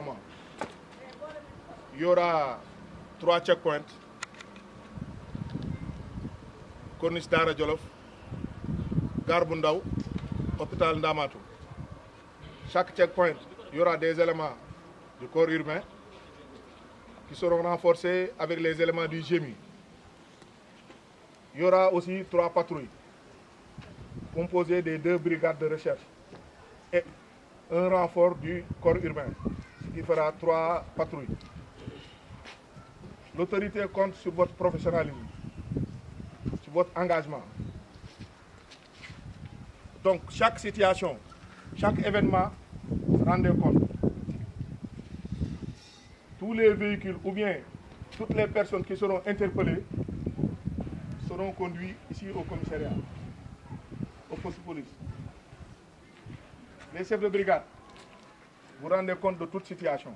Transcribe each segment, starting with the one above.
trois mois. Il y aura trois checkpoints. Corniche bu Ndaw, hôpital Ndamatou. Chaque checkpoint, il y aura des éléments du corps urbain qui seront renforcés avec les éléments du GMI. Il aussi trois patrouilles composées des deux brigades de recherche et un renfort du corps urbain. qui fera trois patrouilles. L'autorité compte sur votre professionnalisme, sur votre engagement. Donc chaque situation, chaque événement, rendez compte. Tous les véhicules ou bien toutes les personnes qui seront interpellées seront conduits ici au commissariat, au poste de police. Les chefs de brigade vous rendez compte de toute situation.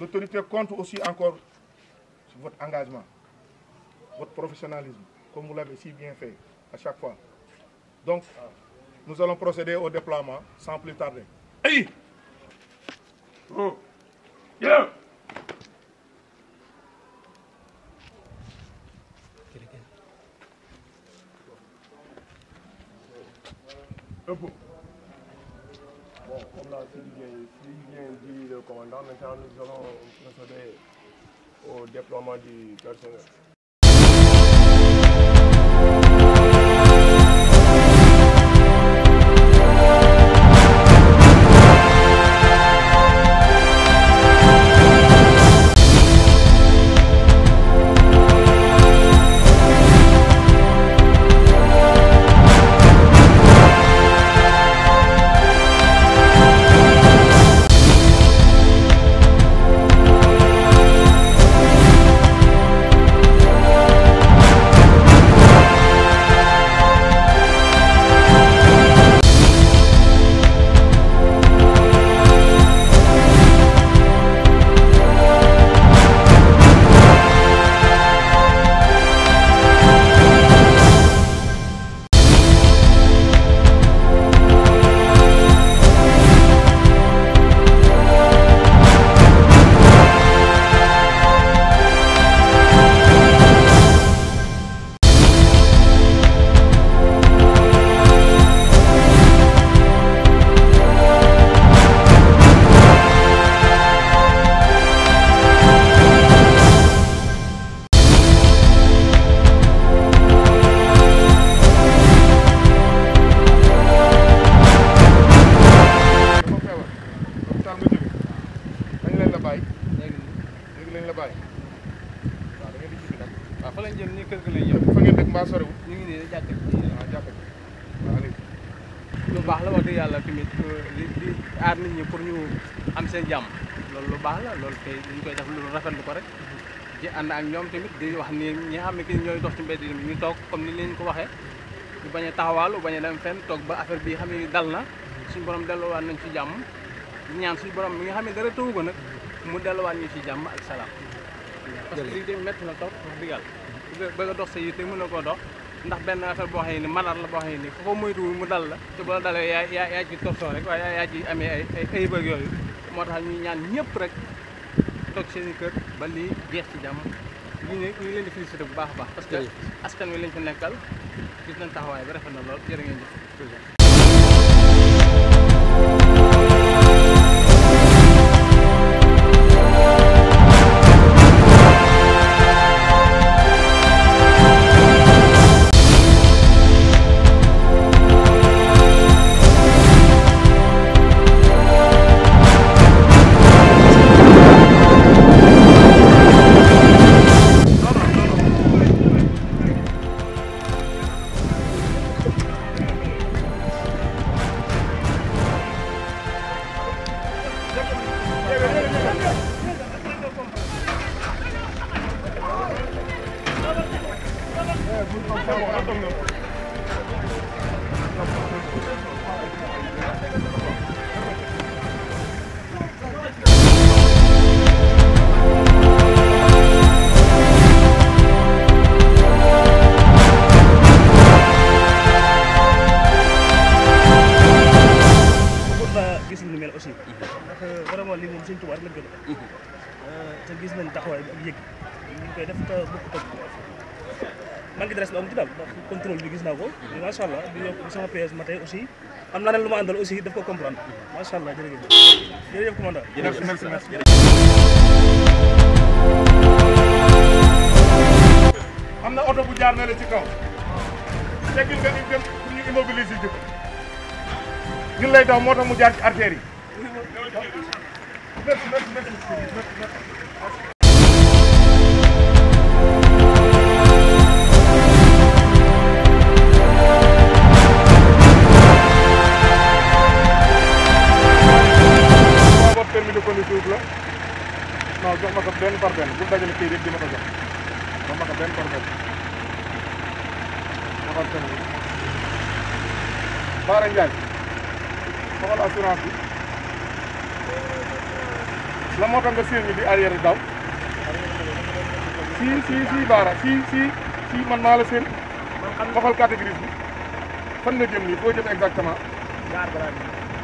L'autorité compte aussi encore sur votre engagement, votre professionnalisme, comme vous l'avez si bien fait à chaque fois. Donc, nous allons procéder au déploiement sans plus tarder. Hey oh. yeah dit le commandant, maintenant nous allons procéder au déploiement du personnel. am seen jàmm loolu lu baax la loolu kay ñu koy def lu rafetlu ko rek di ànd ak ñoom tamit di wax ni ñu xam ne ki ñooy dox ci mbedd yi ñu toog comme ni leen ko waxee ñu bañ a taxawaalu bañ a dem fenn toog ba affaire bi xam ne dal na suñu borom delluwaat nañ ci jàmm ñaan suñu borom mi nga xam ne dara tëwu ko nag mu delluwaat ñu ci jàmm ak salaam parce que lii tamit métti na toog wax dëgg yàlla bëgg a dox sa yitte mën na koo dox ndax benn affaire boo xam ne malar la boo xam ne ku ko moytuwul mu dal la te bu la dalee yaa yaa yaa ci torsoo rek waaye yaa ci ay ay ayib ak yooyu moo tax ñuy ñaan ñëpp rek toog seen i kër ba lii beex ci jàmm ñu ne ñu leen di félicité bu baax a baax parce que askan wi lañ fi nekkal gis nañ taxawaay bi rafet na lool jërë ngeen te gis nañ taxawaay bi ak yëg ñu ngi koy def te bëgg tëb manque de respect am bi gis naa ko macha allah di sama PS ma aussi am na leen lu ma àndal aussi daf ko comprendre macha allah jërëjëf jërëjëf commandant merci merci na oto bu jaar na la ci kaw ji lay daw moo tax mu jaar ci Thank you. séen ñu di arrière daw fii fii fii baara fii fii fii man maa la séen waxal catégorie bi fan nga jëm nii foo jëm exactement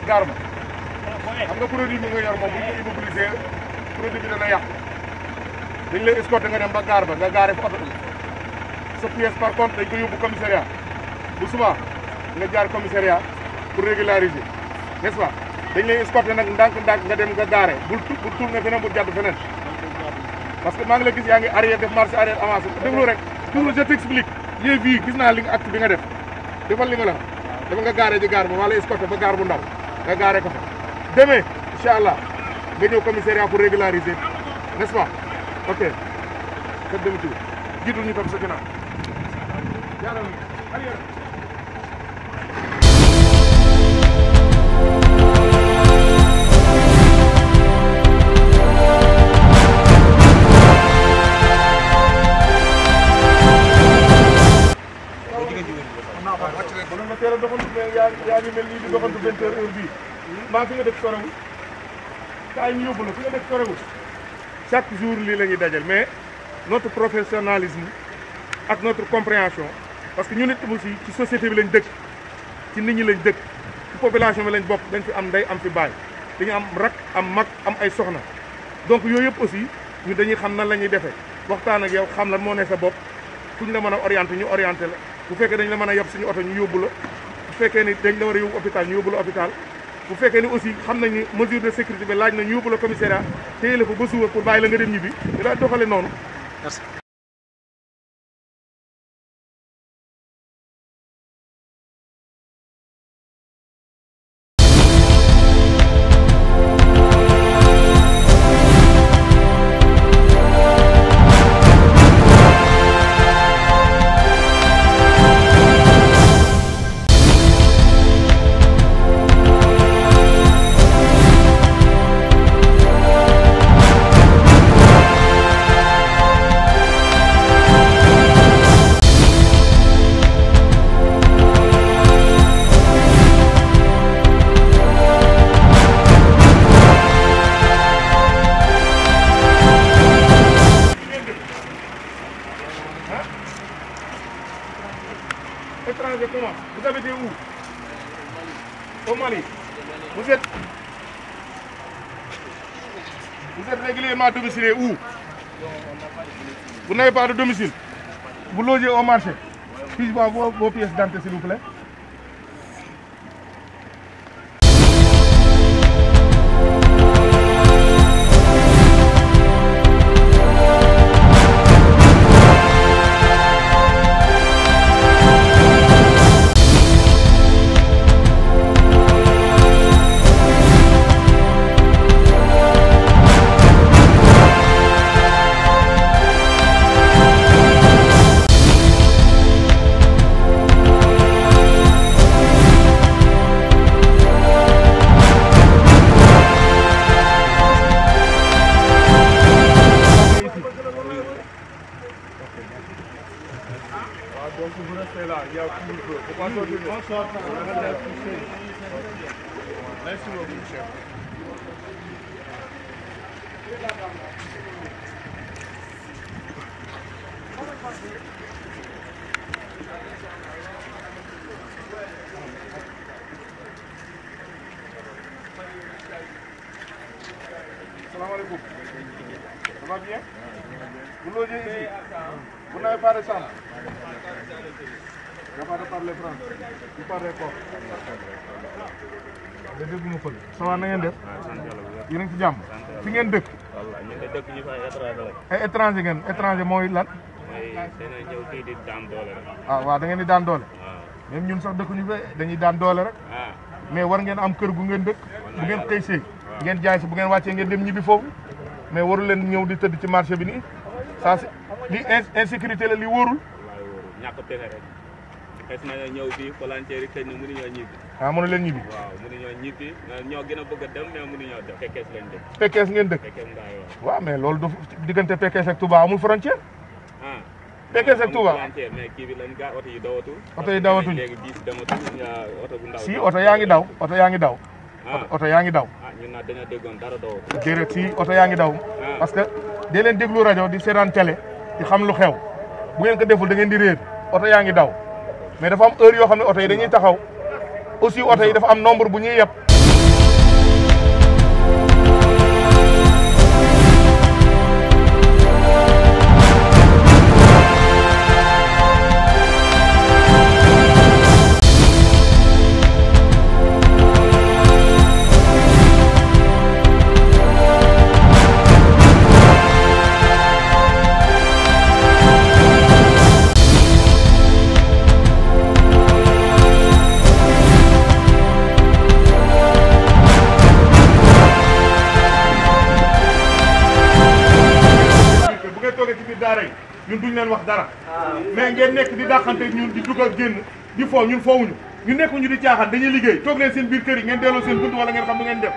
gaar ba ah, xam nga produit bi nga yor moom bu ñu ko immobilisé na bi dañ la escorté nga dem ba gaar ba nga gaare fa oto bi sa pièce par contre dañ ko yóbbu commissariat bu subaa nga jaar commissariat pour régulariser n'est-ce dañ lay escorté nag ndànk-ndànk nga dem nga gaare bul bul tourné feneen bul jàdd feneen parce que maa ngi la gis yaa ngi arrière def marche arrière avancé déglu rek toujours je t'explique yéen bii gis naa li nga bi nga def defal li nga la dafa nga gaare ji gaar ba maa lay escorté ba gaar bu ndaw nga gaare ko fa demee incha allah nga ñëw commissariat pour régulariser n'est-ce pas ok kat demi tour jiitul ñu tam sa ginnaaw mel nii di doxantu vingt heures heure bii maa fi nga dëkk sorewul kaay ñu yóbbu la fi nga dëkk sorewul chaque jour lii la ñuy dajal mais notre professionnalisme ak notre compréhension parce que ñu nit si ci société bi lañ dëkk ci nit ñi lañ dëkk ci population bi lañ bokk dañ fi am ndey am fi baay dañu am rak am mag am ay soxna donc yooyu yëpp aussi ñu dañuy xam nan la ñuy defee waxtaan ak yow xam lan moo ne sa bopp fu ñu la mën a orienté ñu orienté la bu fekkee dañ la mën a yab suñu oto ñu yóbbu la bu fekkee ni dañ la war a yóbbu hôpital ñu yóbbu la hôpital bu fekkee ni aussi xam nañ mesure de sécurité bi laaj na ñu yóbbu la commissariat téye la fa ba suba pour bàyyi la nga dem ñibbi ñu doxale noonu départ de domicile, vous logez au marché, puis-je avoir vos pièces d'identité s'il vous plaît Merci beaucoup, chef. Salaamaaleykum. Ça va bien? Vous n'avez pas de sang? Reparé par les francs. da na ngeen def yéen a ci jàmm fi ngeen dëkk wallaahi ñu dëkk ñu fa étranger ngeen étranger mooy lan mooy seen di daan doole rek waaw da ngeen di daan doole même ñun sax dëkk ñu fa dañuy daan doole rek mais war ngeen am kër gu ngeen dëkk bu ngeen xëy see ngeen jaay si bu ngeen wàccee ngeen dem ñibbi foofu mais waru leen ñëw di tëdd ci marché bi nii ça li insécurité la li wóorul ñàkk pexe rek xes na ñëw fii volontaire yi xëy na mënuñoo ñibbi. ah ngeen dëkk Pekes Ngaye waaw. loolu du diggante Pekes ak Touba amul frontière. ah Pekes ak kii bi lañ gaar oto yi dawatul. oto oto ah, si oto yaa ngi daw oto yaa ngi daw. Ah. oto yaa ngi daw. ah ñun nag dañoo déggoon dara dawatul. déedéet si oto yaa daw. Ah. parce que dee leen déglu rajo di seetaan télé di xam lu xew bu ngeen ko deful da di réer oto yaa ngi daw mais dafa am heure yoo xam ne oto yi dañuy taxaw aussi oto yi dafa am nombre bu ñuy yeb dàqante ñun di dugg ak génn di foo ñun foowuñu ñu nekkuñu di caaxaan dañuy liggéey toog leen seen biir kër ngeen delloo seen bunt wala ngeen xam lu ngeen def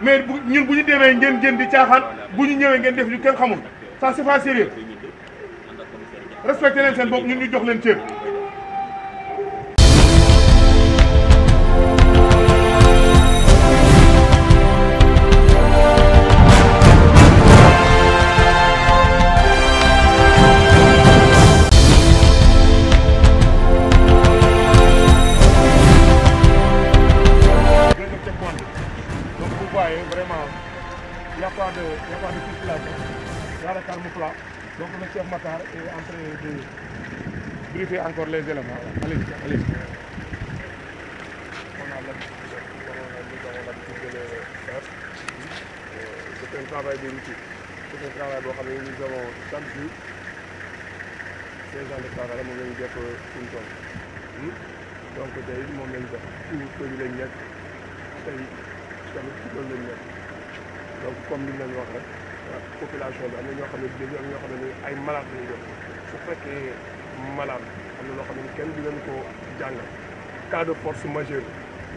mais bu ñun bu ñu demee ngeen génn di caaxaan bu ñu ñëwee ngeen def ñu kenn xamul ça c'est pas sérieux respecté leen seen bopp ñun ñu jox leen cër yi donc tey moom lañ def toujours përi lañ nekk tey tamit ci loolu lañ nekk donc comme li leen wax rek population bi am na ñoo xam ne dégg ñoo xam ne ay malade lañ def su fekkee malade am na loo xam ne kenn du leen ko jàngal cas de force majeure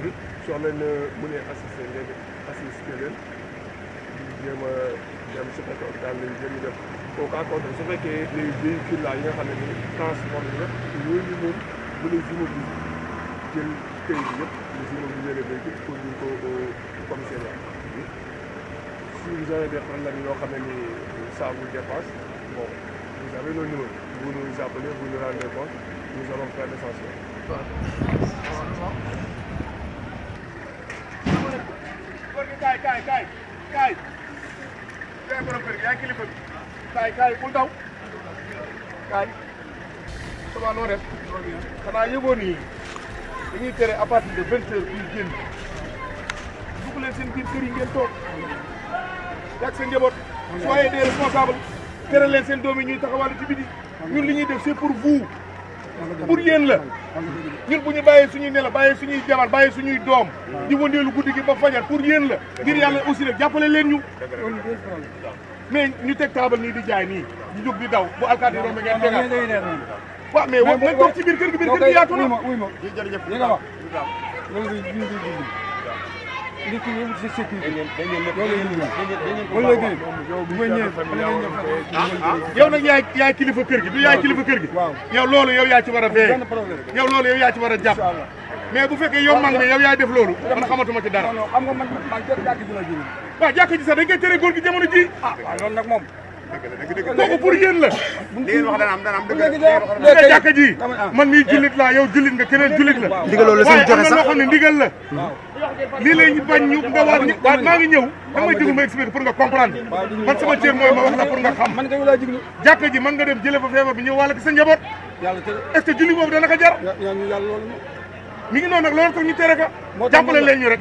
hmm? soo leen euh, mënee assister ngeen assister leen jéem a dem su fekkee hôpital lañ jéem def au cas contraire su fekkee les véhicules là yi nga xam ne ni transport yi rek yooyu moom bu lay immobiliser jël kër yi yëpp les immobiliser les véhicules conduire ko au commissariat si vous avez des problèmes yoo xam ni ça vous dépasse bon vous avez nos numéros vous nous appelez vous nous rendez compte nous allons faire l'essentiel. kaay kaay kaay kaay kaay borom kër gi yaay kilifa bi kaay kaay bul daw xanaa yëgoon yi dañuy tere à partir de vingt heures kuy génn dugg leen seen biir kër yi ngeen toog yàgg seen njaboot soyez des responsables tere leen seen doom yi ñuy taxawaale ci biti ñun li ñuy def c'est pour vous pour yéen la ñun bu ñu bàyyee suñuy nelaw bàyyee suñuy jabar bàyyee suñuy doom di wëndeelu guddi gi ba fajar pour yéen la ngir yàlla aussi nag jàppale leen ñu mais ñu teg taabal nii di jaay nii ñu jóg di daw bu alkaati romb ngeen tegaat waaw mee wax nañ toog ci biir kër gi biir kër gi yaatu na ma uy ma jërëjëf li nga wax loolu nga ñu ngi koy dund li ki yëpp si sécurité loolu la yaay yaay kilifa du yaay kilifa kër gi loolu yow yaa ci war a veillé loolu yow yaa ci war a jàpp mais bu fekkee yow mag mi yow yaay def loolu man xamatuma ci dara non non xam nga man man jàkk ji ji ah, moom kooku pour yéen la. li ngeen wax dana am dana am dëgg la jàkka ji man mii jullit laa yow jullit nga keneen jullit la. ndigal loolu la seen joxe sax waaye am na ndigal la. lii lay bañ ñu nga waat maa ngi ñëw damay déglu ma expliqué pour nga comprendre man sama cër mooy ma wax la nga xam jàkka ji mën nga dem jële fa feebar bi ñëw wàll ki sa njaboot est-ce boobu dana ko jar mi ngi noonu nag loolu tax ñu tere ka jàppale leen ñu rek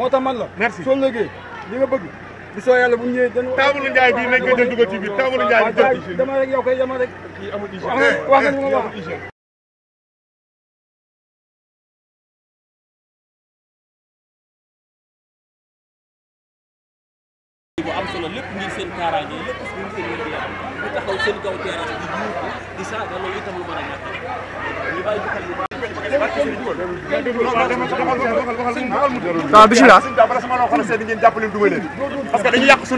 bu soo yàlla bu ñëwee dañu. taabalu njaay bii nañ ko jël dugal ci biir taabalu njaay bi jël. dama rek yow kay dama rek. kii amul hygiène wax nga wax nga waaw bisimilah suñu jàpp bala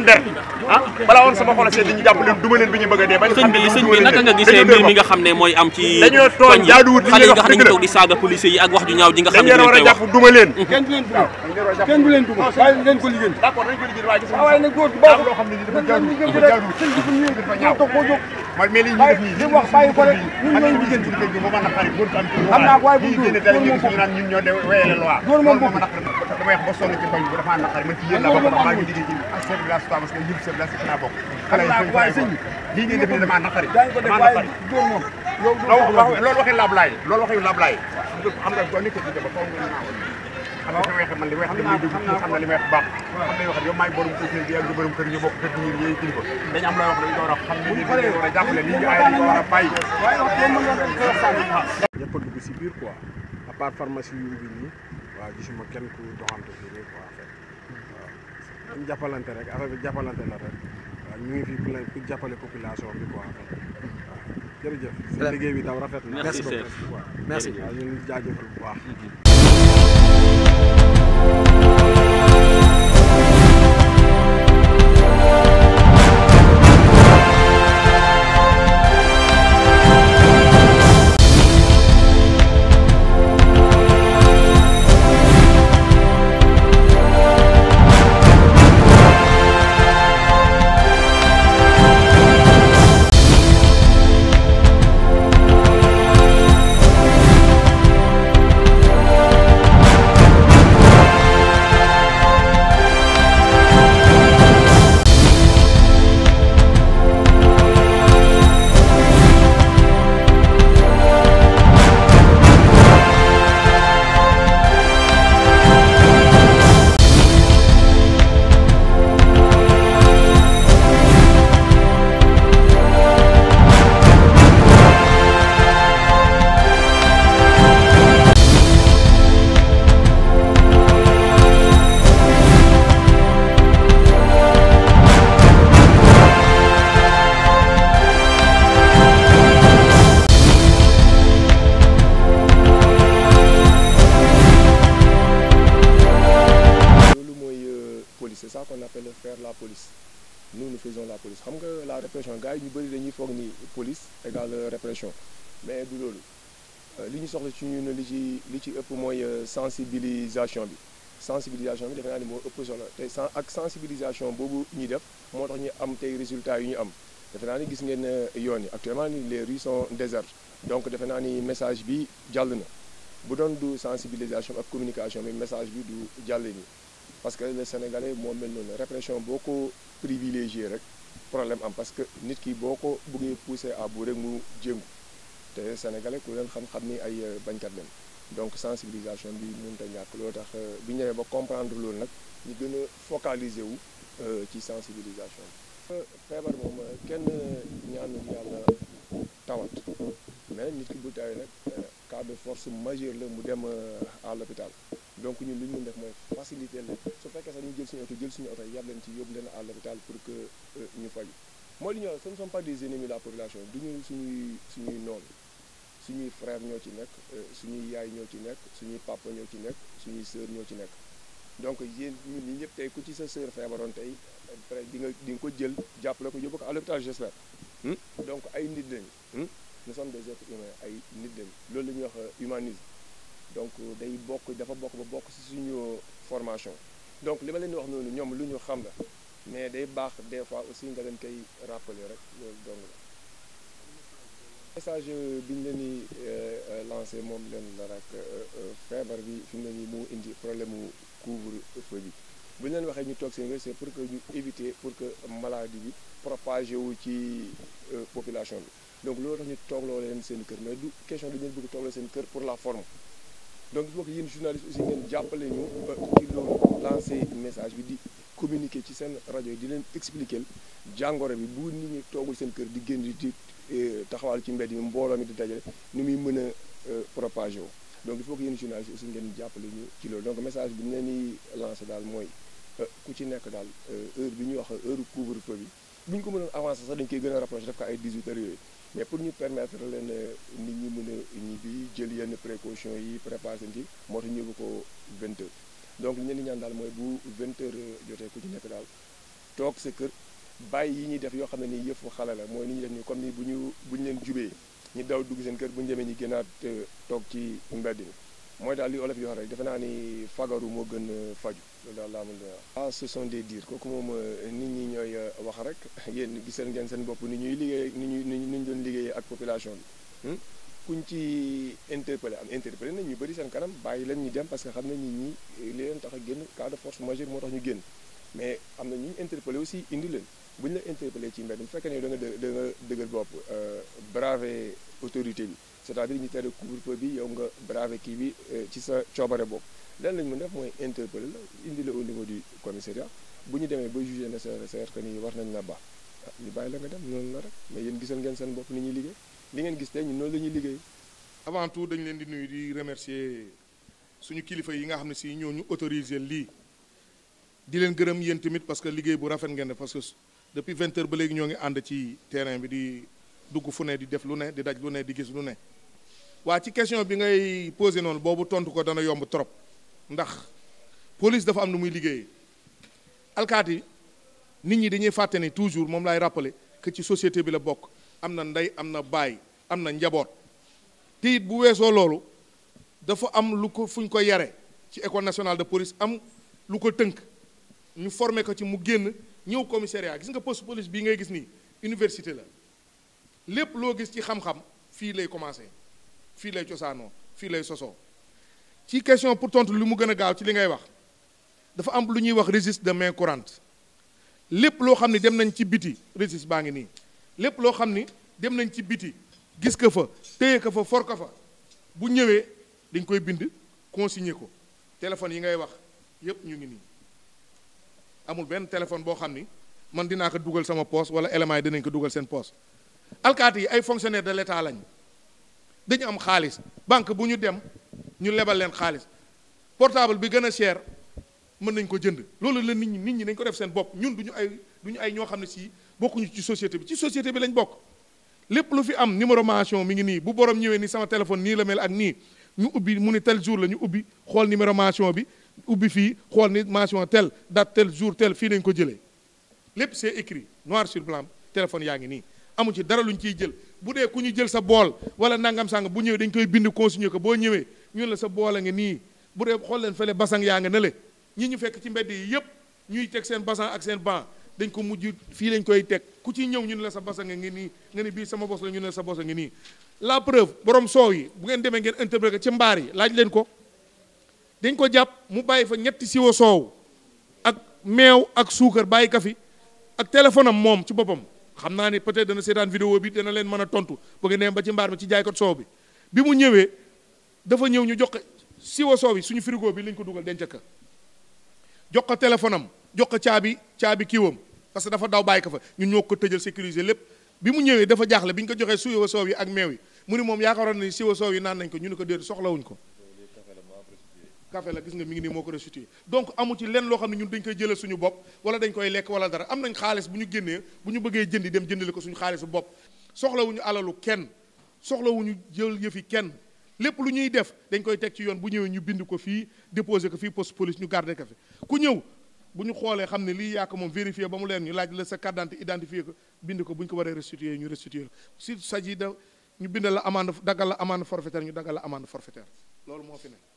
der ah bala sama xool seen ñu jàpp leen duma leen bi ñu bëgg dee sëñ bi sëñ bi naka nga gisee mbir mi nga xam ne mooy am ci dañoo toog xale yi nga xam ne ñu toog di saaga police yi ak wax ju ñaaw ji nga xam ne dañu war leen kenn du leen duma kenn du leen góor gi baax loo xam ne ñu yëngu dafa ñaaw wax bàyyi ko rek ñu jënd ba ma naqari góor am damay wax ba sonn ci koñ bi dafa naqari man ci yéen laa bokk ndax maa ngi liggéey ci ak ah. chef de village Touba Mosquée yëpp chef de village ci laa bokk xale yi waaye sëñ bi lii ngeen def nii damaa naqari damaa naqari góor moom loolu waxi lablaay loolu waxi lablaay xam nga boo nekkee ci ba faw nga xam nga weexe man li may xam ne dégg xam na li may wax baax xam na wax yow maay borom kër bi ak borom kër ñu bokk kër ñu yooyu kilifa dañ am looy wax dañ ko war a xam ne dañ war a jàppale nit ñi ay dañ ko war a bàyyi ñëpp a dugg si biir quoi à part pharmacie yu bi nii waaw gisuma kenn ku doxantu fii nii ko en fait jàppalante rek affaire bi jàppalante la rek waaw ñu ngi fi pour jàppale population bi quoi en fait waaw jërëjëf. liggéey bi daw rafet na merci beaucoup merci waaw ñu ngi jaajëfal bu baax sensibilisation bi sensibilisation bi defe naa ni moo ëpp solo te sans ak sensibilisation boobu ñuy def moo tax ñu am tey résultat yu ñu am defe naa ni gis ngeen eh, yoon yi actuellement ni les rues sont désertes donc defe naa ni message bi jàll na bu doon du sensibilisation ak communication bi message bi du jàll ni parce que le sénégalais moo mel noonu répression boo ko privilégié rek problème am parce que nit ki boo ko bëggee poussé à bout rek mu jéngu te sénégalais ku leen ni ay eh, bañkat leen donc sensibilisation bi mënut a ñàkk loolu tax euh, bi ñëwee ba comprendre loolu nag ñu gën a focaliser wu euh, ci sensibilisation bi. Euh, feebar moom kenn ñaanul yàlla tawat mais nit ki bu tawee nag cas de force majeure la mu dem à l'hôpital donc ñun li ñu mën def mooy faciliter leen su fekkee sax ñu jël suñu oto jël suñu oto yab leen ci yóbbu leen à l'hôpital pour que ñu faju mooy li ñu suñu suñuy suñuy noonu. suñuy frère ñoo ci nekk euh, suñuy yaay ñoo ci nekk suñuy papa ñoo ci nekk suñuy sœur ñoo ci nekk donc yéen ñun ñi ñëpp tey ku ci sa sœur feebaroon tey di nga di ko jël jàppale ko yóbbu ko à l'hôpital j'espère hmm? donc ay nit lañu hmm? nous sommes ay nit lañu loolu la ñuy wax euh, humanisme donc euh, day bokk dafa bokk ba bokk si suñu formation donc li ma leen di wax noonu ñoom lu ñu xam la mais day baax des fois aussi nga leen koy rappeler rek loolu dong message bi ñu leen di euh, euh, lancé moom leen la rek euh, feebar bi fi mu ne nii moo indi problème mu couvre-feu bi bu ñu leen waxee ñu toog seen kër c'est que ñu éviter pour que maladie bi propagé wu ci population bi donc loolu tax ñu toogloo leen seen kër mais du question dañu leen bëgg toogloo seen kër pour la forme donc il faut que yéen journaliste jàppale ñu ci loolu lancé message bi di communiquer ci seen rajo yi di leen expliquer jàngoro bi bu nit ñi toogul seen kër di génn di. Euh, taxawal ci mbedd yi mbooloo mi di dajale ni muy mën a euh, propagé wu donc il faut que yéen journalistes aussi ngeen jàppale ñu ci loolu donc message bi ñu leen di lancé daal mooy euh, ku ci nekk daal heure bi ñuy wax heure couvre-feu bi bu ñu ko mënoon avancé sax dañ koy gën a rapproché def ko ay 18 heures yooyu mais pour ñu permettre leen nit ñi mën a ñibbi jël yenn précaution yi préparé seen kii moo tax ñëw ko 20 heures donc li ñu ñaan daal mooy bu 20 heures jotee ku ci nekk daal toog sa kër. bàyyi yi ñuy def yoo xam ne nii yëfu xale la mooy ni ñuy def nii comme ni bu ñu bu ñu leen jubee ñu daw dugg seen kër bu ñu demee ñu gënaat toog ci mbedd mi mooy daal li olof yi wax rek defe naa ni fagaru moo gën euh, faju loolu daal laa mën ah ce sont des dires kooku moom euh, nit ñi ñooy euh, wax rek yéen gisal ngeen seen bopp ni ñuy liggéey ni ñuy ni ñu doon liggéeyee ak population bi hmm? kuñ ci interpellé am interpellé nañ ñu bëri seen kanam bàyyi leen ñu dem parce que xam nañ ñi li leen tax a génn cas de force majeure moo tax ñu génn mais am na ñu interpellé aussi indi leen bu ñu la interpellé ci mbedd bu fekkee ne da nga da nga dëgër bopp euh, braver autorité bi cest à ñu tere couvre-feu bi yow nga braver kii bi euh, ci sa coobare bopp lan lañ mën def mooy interpellé la indi la au niveau du commissariat bu ñu demee ba jugé na nécessaire que nañ la baax ah, ñu bàyyi la nga dem noonu la rek mais yéen gisal ngeen seen bopp ni ñuy liggéey li ngeen gis tey ñun noonu la liggéey. avant tout dañ leen di nuyu di remercier suñu kilifa yi nga xam ne si ñoo ñu autorisé lii di leen gërëm yéen tamit parce que liggéey bu rafet ngeen def parce depuis vingt heures ba léegi ñoo ngi ànd ci terrain bi di dugg fu ne di def lu ne di daj lu ne di gis lu ne waa ci question bi ngay posé noonu boobu tontu ko dana yomb trop ndax police dafa am lu muy liggéeyee alkaati nit ñi dañuy fàtte ne toujours moom lay rappeler que ci société bi la bokk am na ndey am na baay am na njaboot te bu weesoo loolu dafa am lu ko fu ñu ko yare ci école nationale de police am lu ko tënk ñu formé ko ci mu génn ñëw commissariat gis nga poste police bi ngay gis nii université la lépp loo gis ci xam-xam fii lay commencé fii lay cosaanoo fii lay sosoo ci question pour tontu lu mu gën a gaaw ci li ngay wax dafa am lu ñuy wax registre de main courante lépp loo xam ni dem nañ ci biti registre baa ngi nii lépp loo xam ni dem nañ ci biti gis ko fa téye ko fa for ko fa bu ñëwee dañ koy bind consigner ko téléphone yi ngay wax yépp ñu ngi nii amul benn téléphone boo xam ni man dinaa ko dugal sama poos wala élément yi dinañ ko dugal seen poos alkaati yi ay fonctionnaire de l'état lañ dañu am xaalis banque bu ñu dem ñu lebal leen xaalis portable bi gën a cher mën nañ ko jënd loolu la nit ñi nit ñi dañ ko def seen bopp ñun du ñu ay ay ñoo xam ne si bokkuñu ci société bi ci société bi lañ bokk lépp lu fi am mation mu ngi nii bu borom ñëwee ni sama téléphone nii la mel ak nii ñu ubbi mu ne tel jour la ñu ubbi xool numérotation bi ubbi fii xool ni mention tel date tel jour tel fii lañ ko jëlee lépp c'est écrit noir sur blanc téléphone yaa ngi nii amu ci dara luñ ciy jël bu dee ku ñu jël sa bool wala nangam sàng bu ñëwee dañ koy bind consigné ko boo ñëwee ñun la sa bool a nga nii bu dee xool leen fële basang yaa ngi ne le ñi ñu fekk ci mbedd yi yépp ñuy teg seen basan ak seen banc dañ ko mujj fii lañ koy teg ku ci ñëw ñun la sa basa nga ngi nii nga ni bii sama bos la ñun la sa bos a la borom soow yi bu ngeen ngeen interpréter ci mbaar yi laaj leen ko dañ ko jàpp mu bàyyi fa ñetti siwo soow ak meew ak suukar bàyyi ka fi ak téléphone am moom ci boppam xam naa ni peut-être dana seetaan vidéo bi dana leen mën a tontu bu ngeen ba ci mbaar mi ci jaaykat soow bi bi mu ñëwee dafa ñëw ñu jox ko siwo soow suñu frigo bi lañ ko dugal denc jox ko téléphone am jox ko caabi caabi kiiwam parce que dafa daw bàyyi ko fa ñun ñoo ko tëjal sécuriser lépp bi mu ñëwee dafa jaaxle bi ñu ko joxee siwo soow yi ak meew yi mu ni moom yaakaaroon na ni siwo soow yi naan nañ ko ñu ne ko déet soxlawuñ ko café la gis nga mi ngi nii moo ko restitué donc amu ci lenn loo xam ne ñun dañ koy jëlee suñu bopp wala dañ koy lekk wala dara am nañ xaalis bu ñu génnee bu ñu bëggee jëndi dem jëndale ko suñu xaalisu bopp soxlawuñu alalu kenn soxlawuñu jël yëfi kenn lépp lu ñuy def dañ koy teg ci yoon bu ñëwee ñu bind ko fii déposé ko fii poste police ñu garder ko fi ku ñëw bu ñu xoolee xam ne lii yaa ko moom vérifié ba mu leen ñu laaj la sa carte d'identité identifié ko bind ko bu ñu ko waree restitué ñu restitué si s'agit de ñu bind la amende daggal la amende forfaitaire ñu daggal la amende forfaitaire loolu moo fi ne